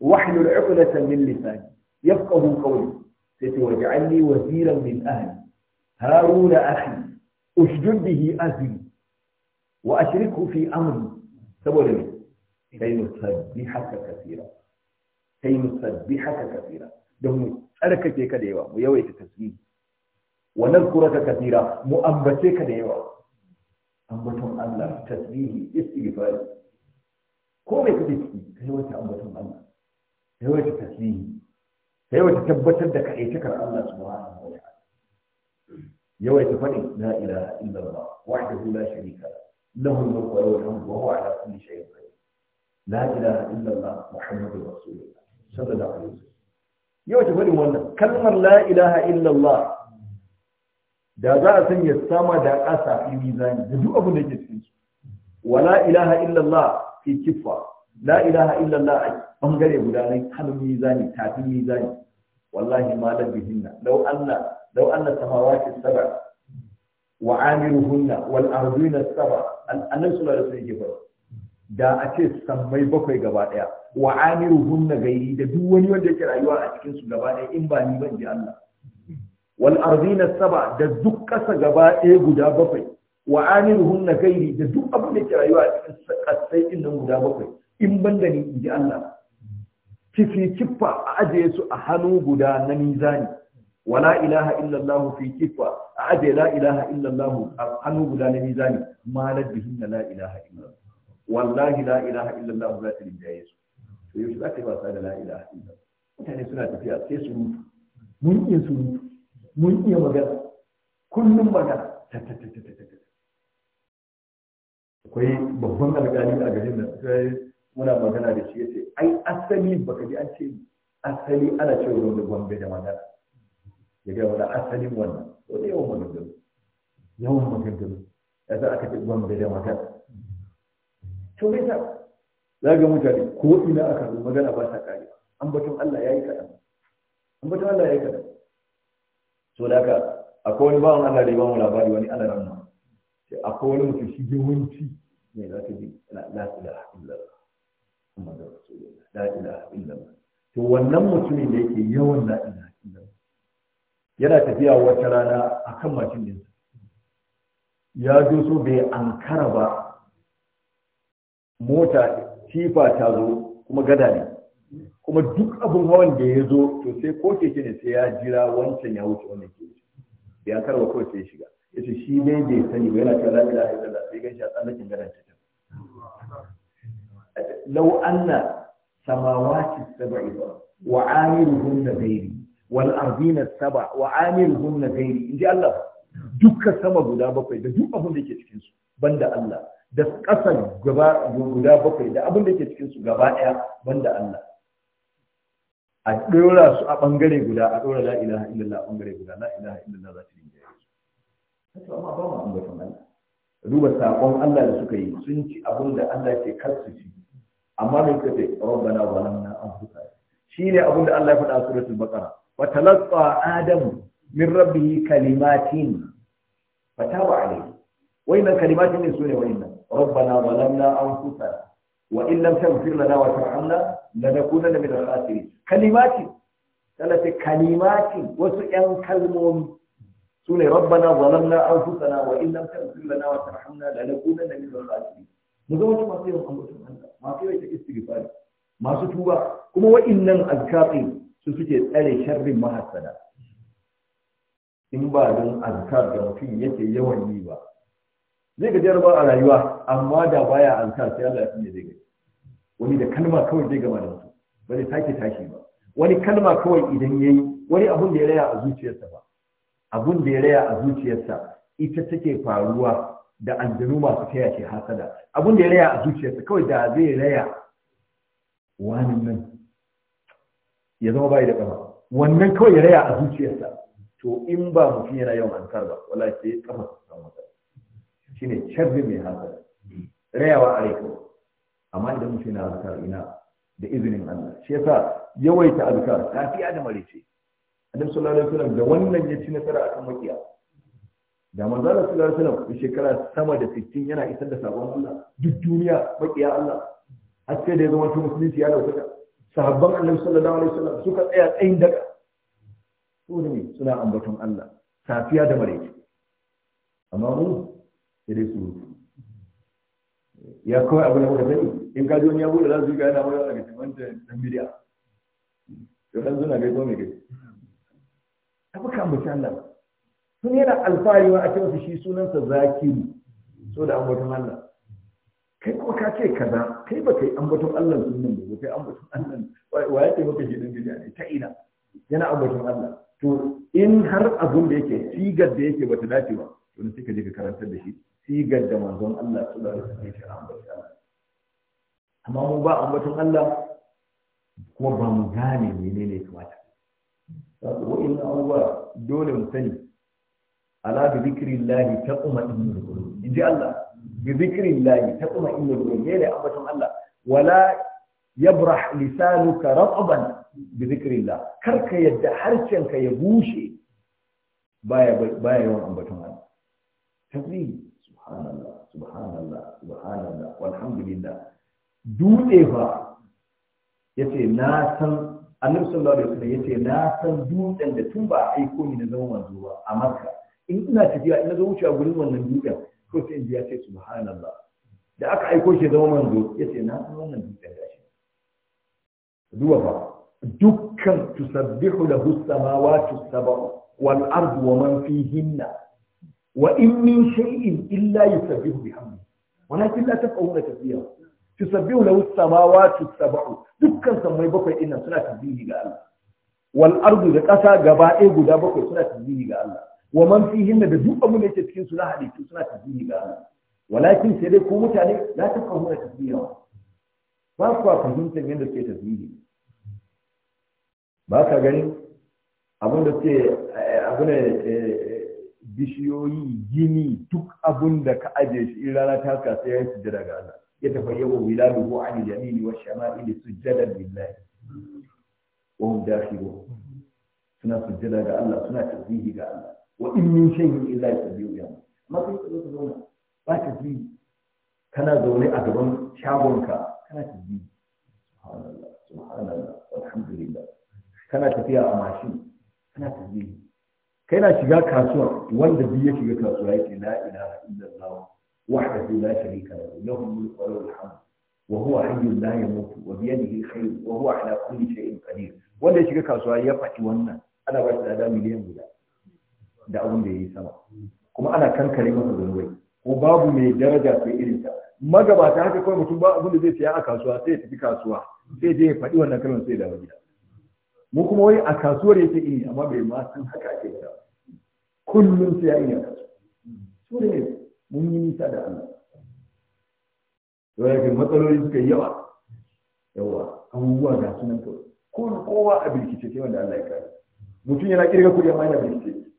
واحل العقلة من لساني يفقه قولي واجعلني وزيرا من اهلي هارون اخي اشدد به اذي واشركه في امري سبب لي كي نسبحك كثيرا كي نسبحك كثيرا دم اركك كديوا ويويت تسبيح ونذكرك كثيرا مؤمتك كديوا ambaton Allah tasbihi istighfari ko mai kake ciki kai wata ambaton Allah kai wata tasbihi kai wata tabbatar da kai takar Allah subhanahu wa ta'ala yawaita faɗin la ilaha illallah wahdahu la sharika lahu al-mulku wa lahu al-hamdu wa huwa ala kulli shay'in qadir la ilaha illallah Muhammadu rasulullah sallallahu alaihi wasallam yawaita faɗin wannan kalmar la ilaha illallah da za a sanya sama da ƙasa fi mizani da duk abin da ke cikin su wala ilaha illallah fi kifa la ilaha illallah a bangare guda ne kan mizani tafi mizani wallahi ma la bihinna law anna law anna samawati sab'a wa amiruhunna wal ardina sab'a annabi sallallahu alaihi wasallam yake faɗa da a ce sammai bakwai gaba daya wa amiruhunna gairi da duk wani wanda yake rayuwa a cikin su gaba daya in ba ni ban ji Allah wal ardina saba da duk kasa gaba ɗaya guda bakwai wa amiruhum na gairi da duk abin da ke rayuwa a cikin kasai din nan guda bakwai in ban da ni in ji Allah kifi kiffa a ajiye su a hannu guda na mizani wala ilaha illallah fi kiffa a ajiye la ilaha illallah a hannu guda na mizani malar bihin na la ilaha illallah wallahi la ilaha illallah za ta rinjaye su to yau za ka yi wasa da la ilaha illallah mutane suna tafiya sai su mutu mun iya su mutu mun iya magana kullum magana akwai babban alƙali a garin nan sai muna magana da shi yace ai asali baka ji an ce asali ana cewa wanda gombe da magana ya ga wani asalin wannan to da yawan magana yawan magana ya za aka ce gombe da magana to me ta za ga mutane ko ina aka magana ba ta kare an batun Allah yayi an batun Allah yayi kaɗan so da haka akwai wani bawan Allah da ya bamu labari wani ana ramma sai akwai wani mutum shi yawanci ne za ka ji la ilaha illallah Muhammadu da la ilaha illallah to wannan mutumin da yake yawan la ilaha illallah yana tafiya wata rana akan mashin din ya zo so bai ankara ba mota tifa ta zo kuma gada ne kuma duk abin hawan da ya zo to sai ko keke ne sai ya jira wancan ya wuce wannan ke ya karwa kawai sai shiga yace shi dai bai sani ba yana cewa la ilaha illallah sai ganshi a tsallakin garan ta law anna samawati sab'i wa amiruhunna ghairi wal ardina sab'a wa amiruhunna In inji Allah dukka sama guda bakwai da duk abin da yake cikin su banda Allah da ƙasa guda bakwai da abin da yake cikin su gaba ɗaya banda Allah a ɗora su a ɓangare guda a ɗora la'ilaha illallah a ɓangare guda la'ilaha illallah za ta yi da yake su amma ba mu ambaton Allah duba saƙon Allah da suka yi sun ci abin da Allah ke kar su ci amma mai suka ce rabbana zalamna Shi ne abin da Allah ya faɗa a suratul baqara wa talaqqa adamu min rabbihi kalimatin fatawa alayhi wayannan kalimatin ne sune wayannan rabbana an anfusana wa in lam taghfir lana wa tarhamna lanakunanna min al-khasirin kalimati tana ce kalimati wasu ƴan kalmomi sune rabbana zalamna anfusana wa in lam taghfir lana wa tarhamna lanakunanna min al-khasirin mu ga su masu yin ambaton Allah masu yawan istighfar masu tuba kuma wa'innan azkarin su suke tsare sharrin mahasada. in ba don azkar da mutum yake yawan yi ba zai ga jarba a rayuwa amma da baya azkar sai Allah ya sanya zai ga wani da kalma kawai zai gama da mutum. bane sake tashi ba wani kalma kawai idan yayi wani abun da ya raya a zuciyarsa ba abun da ya raya a zuciyarsa ita take faruwa da aljanu masu taya ce hasada abun da ya raya a zuciyarsa kawai da zai raya wani nan ya zama bai da kama wannan kawai ya raya a zuciyarsa to in ba mutum yana yawan ankar ba wala ke kama su samu shine charge mai hasada rayawa a rai kawai amma idan mutum yana zakar ina da izinin Allah shi yasa yawaita azkar safiya da marice annabi sallallahu alaihi wasallam da wannan ya ci nasara akan makiya da manzo Allah sallallahu alaihi wasallam shekara sama da 60 yana isar da sabon Allah duk duniya makiya Allah har sai da ya zama musulunci ya dauka sahabban annabi sallallahu alaihi wasallam suka tsaya tsayin daka. su ne suna ambaton Allah safiya da marice amma mu sai dai su ya kawai abu da muka sani in ka ya bude za su yi gana wani daga cikin dan miliya to dan suna kai ko me kai abu kan bace Allah sun yana alfahari ma a ce masa shi sunansa zakiru so da ambaton Allah kai kuma ka ce kaza kai ba kai ambaton Allah sunan ba kai ambaton Allah wa ya ce maka shi dan miliya ne ta ina yana ambaton Allah to in har abun da yake sigar da yake bata dace ba to sai ka je ka karantar da shi sigar da manzon Allah su da su ne shi ambata amma mu ba ambaton Allah kuma ba mu gane menene kamata saboda wa'in abubuwa dole mu sani ala bi zikrillahi taquma innul qulub inji Allah bi zikrillahi taquma innul qulub ne ambaton Allah wala yabrah lisanuka rataban bi zikrillah kar ka yadda harshenka ya bushe baya baya yawan ambaton Allah tasbihi subhanallah subhanallah subhanallah walhamdulillah dutse fa yace na san annabi sallallahu alaihi wasallam yace na san dutsen da tun ba a aiko ni na zama manzo ba a makka in ina tafiya ina zo wuce a gurin wannan dutsen ko sai in ji ya subhanallah da aka aiko shi zama manzo yace na san wannan dutsen da shi duwa fa dukkan tusabbihu lahu samawati sab'u wal ardu wa man fihinna وإن من شيء إلا يسبح بحمده ولكن لا تفقهون تسبيحه تسبح له السماوات السبع دكان سمي بكوي إن سنة تسبيح الله والأرض لقسا غباء غدا بكوي سنة تسبيح الله ومن فيهن da duk abin da yake cikin suna halittu suna tasbihi ga Allah walakin sai dai ko mutane la tafahuna tasbihawa ba ku fahimtar yadda suke tasbihi ba ka gani abin da ke eh, da eh, bishiyoyi gini duk abun da ka aje shi in rana ta kasa ya sujjada ga Allah ya da biladuhu an yamini wa shama'ili sujjadan lillahi wa hum dakhilun suna sujjada ga Allah suna tasbihi ga Allah wa in min yi illa yusabbihu bihamdi amma Masu ka zo ka zauna ba tasbihi kana zaune a gaban shagonka kana tasbihi subhanallah subhanallah Alhamdulillah. kana tafiya a mashin kana tasbihi yana shiga kasuwa wanda biyu ya shiga kasuwa ya ce la'ina la ilaha illallah wahdahu la sharika da lahu mulku wa lahu alhamd wa huwa hayyun la yamutu wa bi yadihi alkhair wa huwa ala kulli shay'in qadir wanda ya shiga kasuwa ya faɗi wannan ana ba shi lada miliyan guda da abin da yayi sama kuma ana kankare masa zunubai ko babu mai daraja sai irin ta magabata haka kawai mutum ba abin da zai siya a kasuwa sai ya tafi kasuwa sai je ya faɗi wannan kalmar sai ya dawo gida mu kuma wai a kasuwar yake yi amma bai ma san haka ake ba kullum sai ya yi yanka su ne mun yi nisa da Allah yau matsaloli suka yi yawa yawa abubuwa ga sunan kawai kun kowa a birkice sai wanda Allah ya kare mutum yana kirga kuɗi amma yana birkice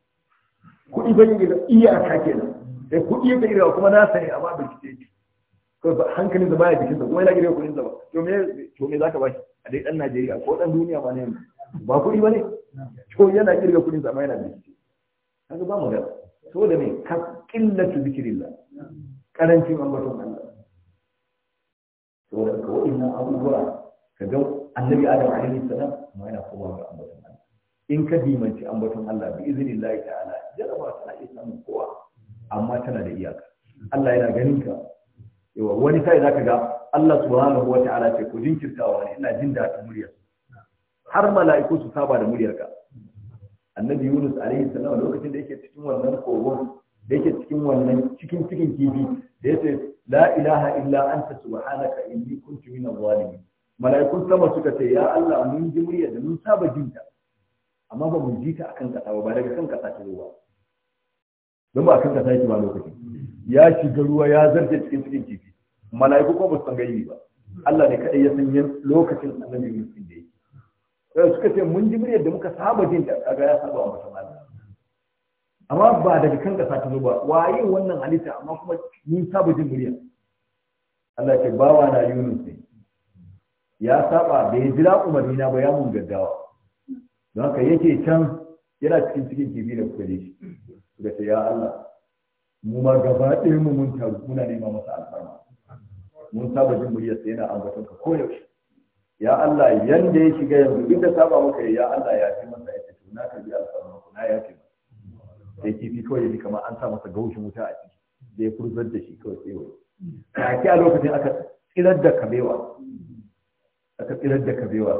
kuɗi ban yi a iyaka kenan sai eh, kuɗi ya kirga kuma na sani amma birkice ko hankalin da baya sa, kuma yana kirga kuɗin sa ba to me to me zaka bashi a dai dan Najeriya ko dan duniya ba ne ba kuɗi ba ne to yana kirga kuɗin sa amma yana birkice kaga ba mu so da me ka killatu zikrillah karancin ambaton Allah saboda ka wa'annan abubuwa ka ga annabi adam alaihi salam ma yana kowa ga ambaton Allah in ka dimanci ambaton Allah bi iznillahi ta'ala jaraba tana iya samun kowa amma tana da iyaka Allah yana ganin ka yawa wani sai zaka ga Allah subhanahu wa ta'ala ce ku jinkirtawa ne ina jin daɗin muryar har mala'iku su saba da muryarka annabi yunus alaihi salam lokacin da yake cikin wannan kogon da yake cikin wannan cikin cikin kifi da yace la ilaha illa anta subhanaka inni kuntu minaz zalimin mala'ikun sama suka ce ya Allah mun ji murya da mun saba jinta amma ba mu ji ta akan kasa ba daga kan kasa ta ruwa don ba akan kasa yake ba lokacin ya shiga ruwa ya zarge cikin cikin kifi mala'iku ko ba su san gaibi ba Allah ne kadai ya san lokacin annabi Yunus din da yake suka ce mun ji muryar da muka saba jin ta kaga ya saba wa mutum amma ba daga kan kasa ta ba waye wannan halitta amma kuma mun saba jin muryar Allah ce bawa na Yunus ne ya saba bai jira umarni na ba ya mun gaggawa don haka yake can yana cikin cikin kibi da kuka ji suka ce ya Allah mu ma gaba ɗaya mu mun taru muna nema masa alfarma mun saba jin muryar sai yana ambaton ka koyaushe ya Allah yanda ya shiga yanzu duk da saba maka ya Allah ya fi masa ita, tafi na karbi alfarma na ya fi sai kifi kawai ya ji kamar an sa masa gaushin wuta a ciki zai furzar da shi kawai sai wani kake a lokacin aka tsirar da kabewa aka tsirar da kabewa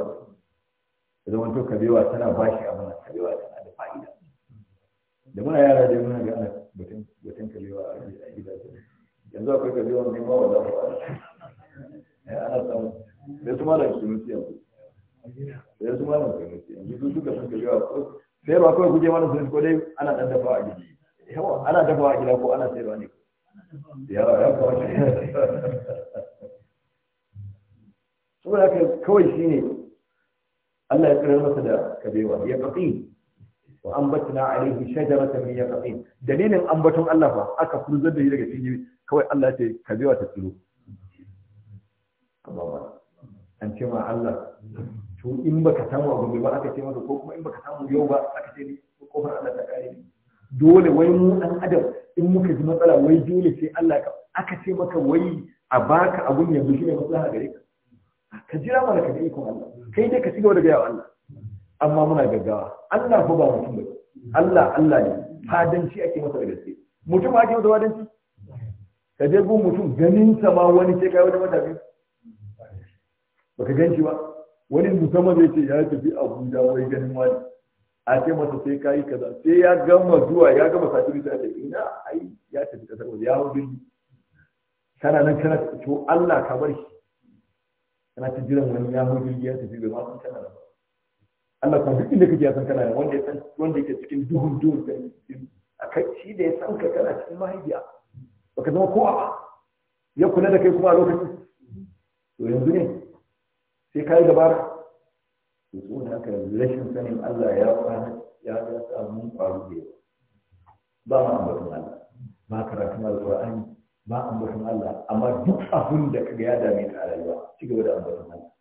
da zaman to kabewa tana bashi a mana kabewa tana da fa'ida da muna yara da muna ga ana batun batun kabewa a gida yanzu akwai kabewa ne ma wanda ba ana samu da su malam su mutu yanzu da su malam su mutu yanzu su suka san gari ko sai ba kawai kuje malam su ko dai ana dan dafa a gidi yawa ana dafa a gida ko ana sayarwa ne yawa ya kawo shi saboda haka kawai shine Allah ya tsirar masa da kabewa ya kafi wa ambatna alaihi shajaratan min yaqin dalilin ambaton Allah fa aka furzar da shi daga cikin kawai Allah ya ce kabewa ta tsiro Allah an ce ma Allah to in baka samu abu ba aka ce maka ko kuma in baka samu yau ba aka ce ni kofar Allah ta kare ni dole wai mu dan adam in muka ji matsala wai dole sai Allah ka aka ce maka wai a baka abun yanzu shine maslaha gare ka ka jira mana ka kuma Allah kai dai ka cigaba da gaya Allah amma muna gaggawa Allah ko ba mutum ba Allah Allah ne fadanci ake masa da gaske mutum ake masa fadanci ka je gun mutum ganin sa ma wani sai kai wani matafi baka gan shi ba wani musamman zai ce ya tafi abuja wai ganin wani a ce masa sai kayi kaza sai ya gama zuwa ya gama sati bisa ce ina ai ya tafi kasar waje ya hudu kana nan kana to Allah ka bar shi kana ta jiran wani ya hudu ya tafi bai ma san kana ba Allah kan duk inda kake ya san kana wanda ya san wanda yake cikin duhun duhun kai akai shi da ya san ka kana cikin mahaifiya baka zama kowa ba ya kula da kai kuma a lokacin to yanzu ne sai ka yi dabara to so na ka rashin sanin Allah ya kwana ya ya samu faru da yawa ba ma ambaton Allah ba karatun alqur'ani ba ambaton Allah amma duk abin da kaga ya dame ka a rayuwa ci gaba da ambaton Allah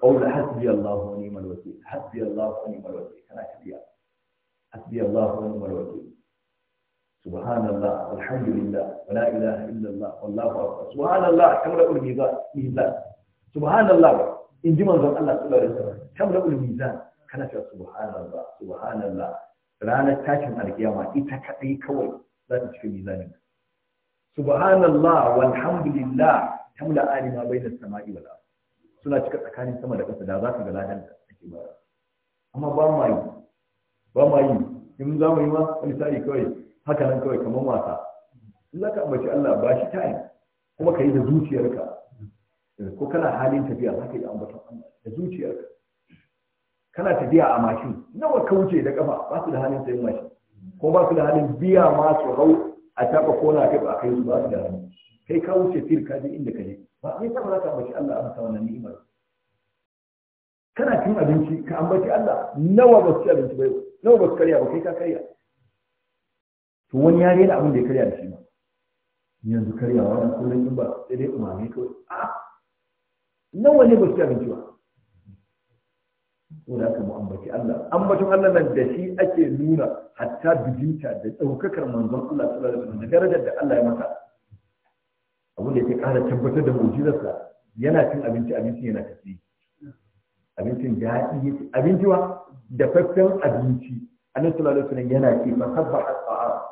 قول حسبي الله ونعم الوكيل حسبي الله ونعم الوكيل كان حسبي حسبي الله ونعم الوكيل سبحان الله والحمد لله ولا اله الا الله والله اكبر سبحان الله كما يقول ميزان ميزان subhanallah in ji manzon Allah sallallahu alaihi wasallam tamla'ul mizan kana cewa subhanallah subhanallah ranar tashin alkiyama ita kadai kawai za ta cika mizanin subhanallah walhamdulillah da alima bai da samai wala. suna cika tsakanin sama da ƙasa da za ka ga ladan da take ba amma ba ma yi ba ma yi in za mu yi ma misali kawai haka nan kawai kamar wasa in za ka ambaci Allah ba shi tayin kuma ka yi da zuciyarka ko kana halin tafiya za ka yi ambaton Allah da zuciyarka kana tafiya a mashin nawa ka wuce da kafa ba su da halin sayin mashin ko ba su da halin biya ma su a taɓa kona kai ba kai su ba su da halin kai ka wuce fir, ka je inda ka je ba a yi saba za ka ambaci Allah a masa wannan ni'imar kana cin abinci ka ambaci Allah nawa ba su ci abinci ba nawa ba su karya ba kai ka karya to wani ya rena abin da ya karya da shi ma yanzu karyawa wani kullum in ba sai dai umarni kawai a'a nawa ne ba su abinci ba ko da aka mu ambaci Allah ambacin Allah nan da shi ake nuna hatta bijinta da daukakar manzon Allah sallallahu alaihi wasallam da darajar da Allah ya masa abin da yake ƙara tabbatar da mu'jizarsa yana cin abinci abinci yana tafi abincin daɗi yake abinci wa da fassan abinci annabi sallallahu alaihi wasallam yana ci fa habba saa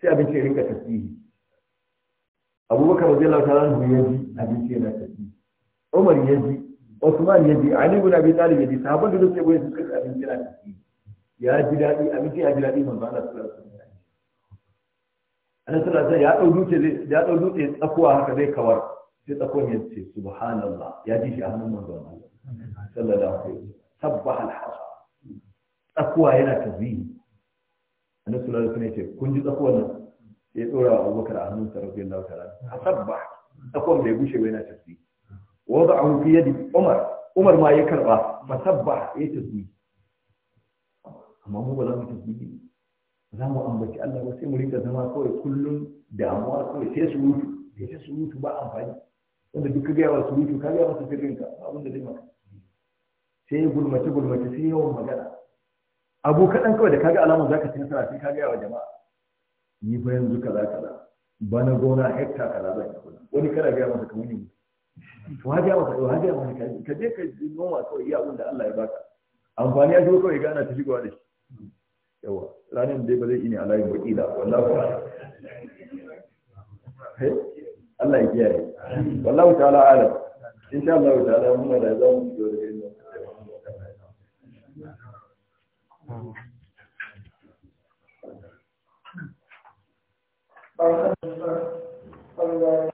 sai abinci ya rinka tafi. abubakar radiyallahu ta'ala ya ji abinci yana tafi. Umar ya ji Osman ya ji Ali ibn Abi Talib ya ji sahabban da suke goyi suka ci da ya ji daɗi abinci ya ji daɗi manzo Allah sallallahu alaihi wasallam Allah sallallahu alaihi ya dau dutse ya dau dutse tsakuwa haka zai kawar sai tsakon ya ce subhanallah ya ji shi a hannun manzo Allah sallallahu alaihi wasallam sabbaha tsakuwa yana tazihi annabi sallallahu alaihi wasallam ya ce kun ji tsakuwa nan ya dora wa Abubakar a hannun sa rabbi ta'ala sabba tsakuwan bai gushe ba yana tazihi wa da fi yadi umar umar ma ya karba masabba ya tafi. amma mu ba za mu tasbi za mu ambaci Allah ba sai mu rinka zama kawai kullum damuwa kawai sai su mutu da sai su mutu ba amfani wanda duk gaya wa su mutu ka gaya masa sirrinka abin da zai maka sai ya gulmace gulmace sai yawan magana abu kaɗan kawai da kaga alamun zaka ci nasara sai ka gaya wa jama'a ni fa yanzu kaza kaza bana gona hekta kaza zan yi wani kana gaya masa kamar wajiya maka wajiya maka ka je ka noma kawai iya abin da Allah ya baka amfani ya zo kawai gana ta shigowa da shi yawa ranar dai ba zai ine a layin wakila wallahu ta'ala Allah ya kiyaye wallahu ta'ala alam insha Allah ta'ala mun da za mu fito da ilmi Allah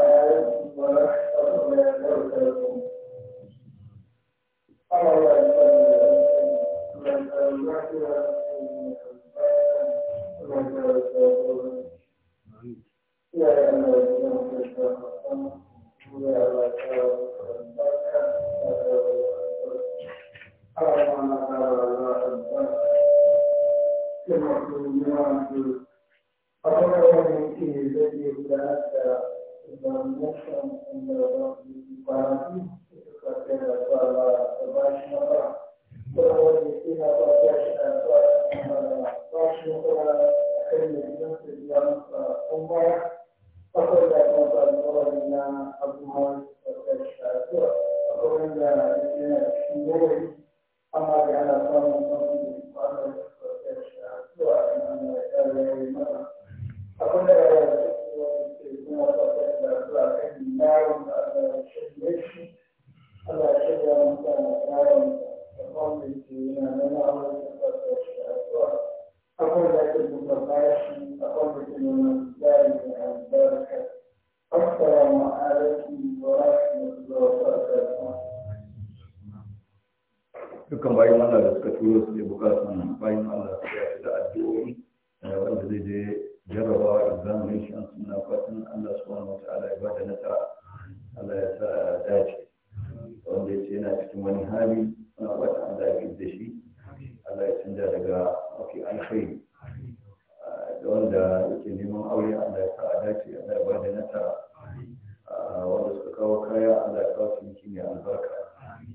su yi shine albarka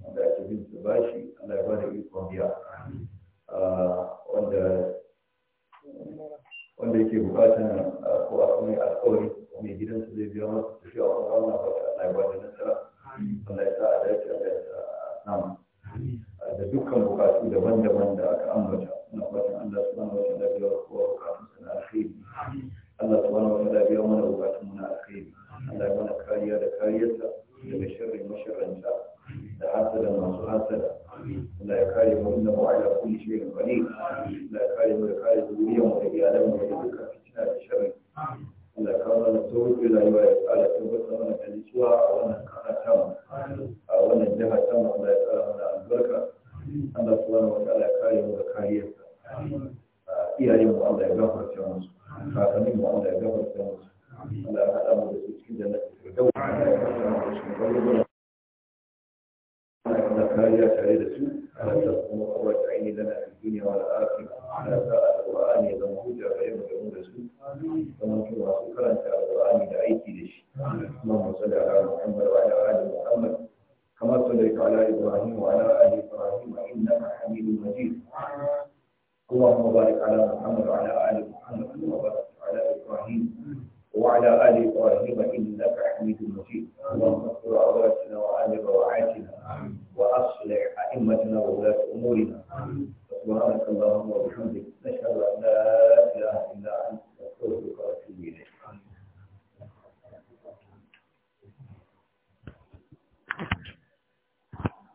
wanda ake bin su bashi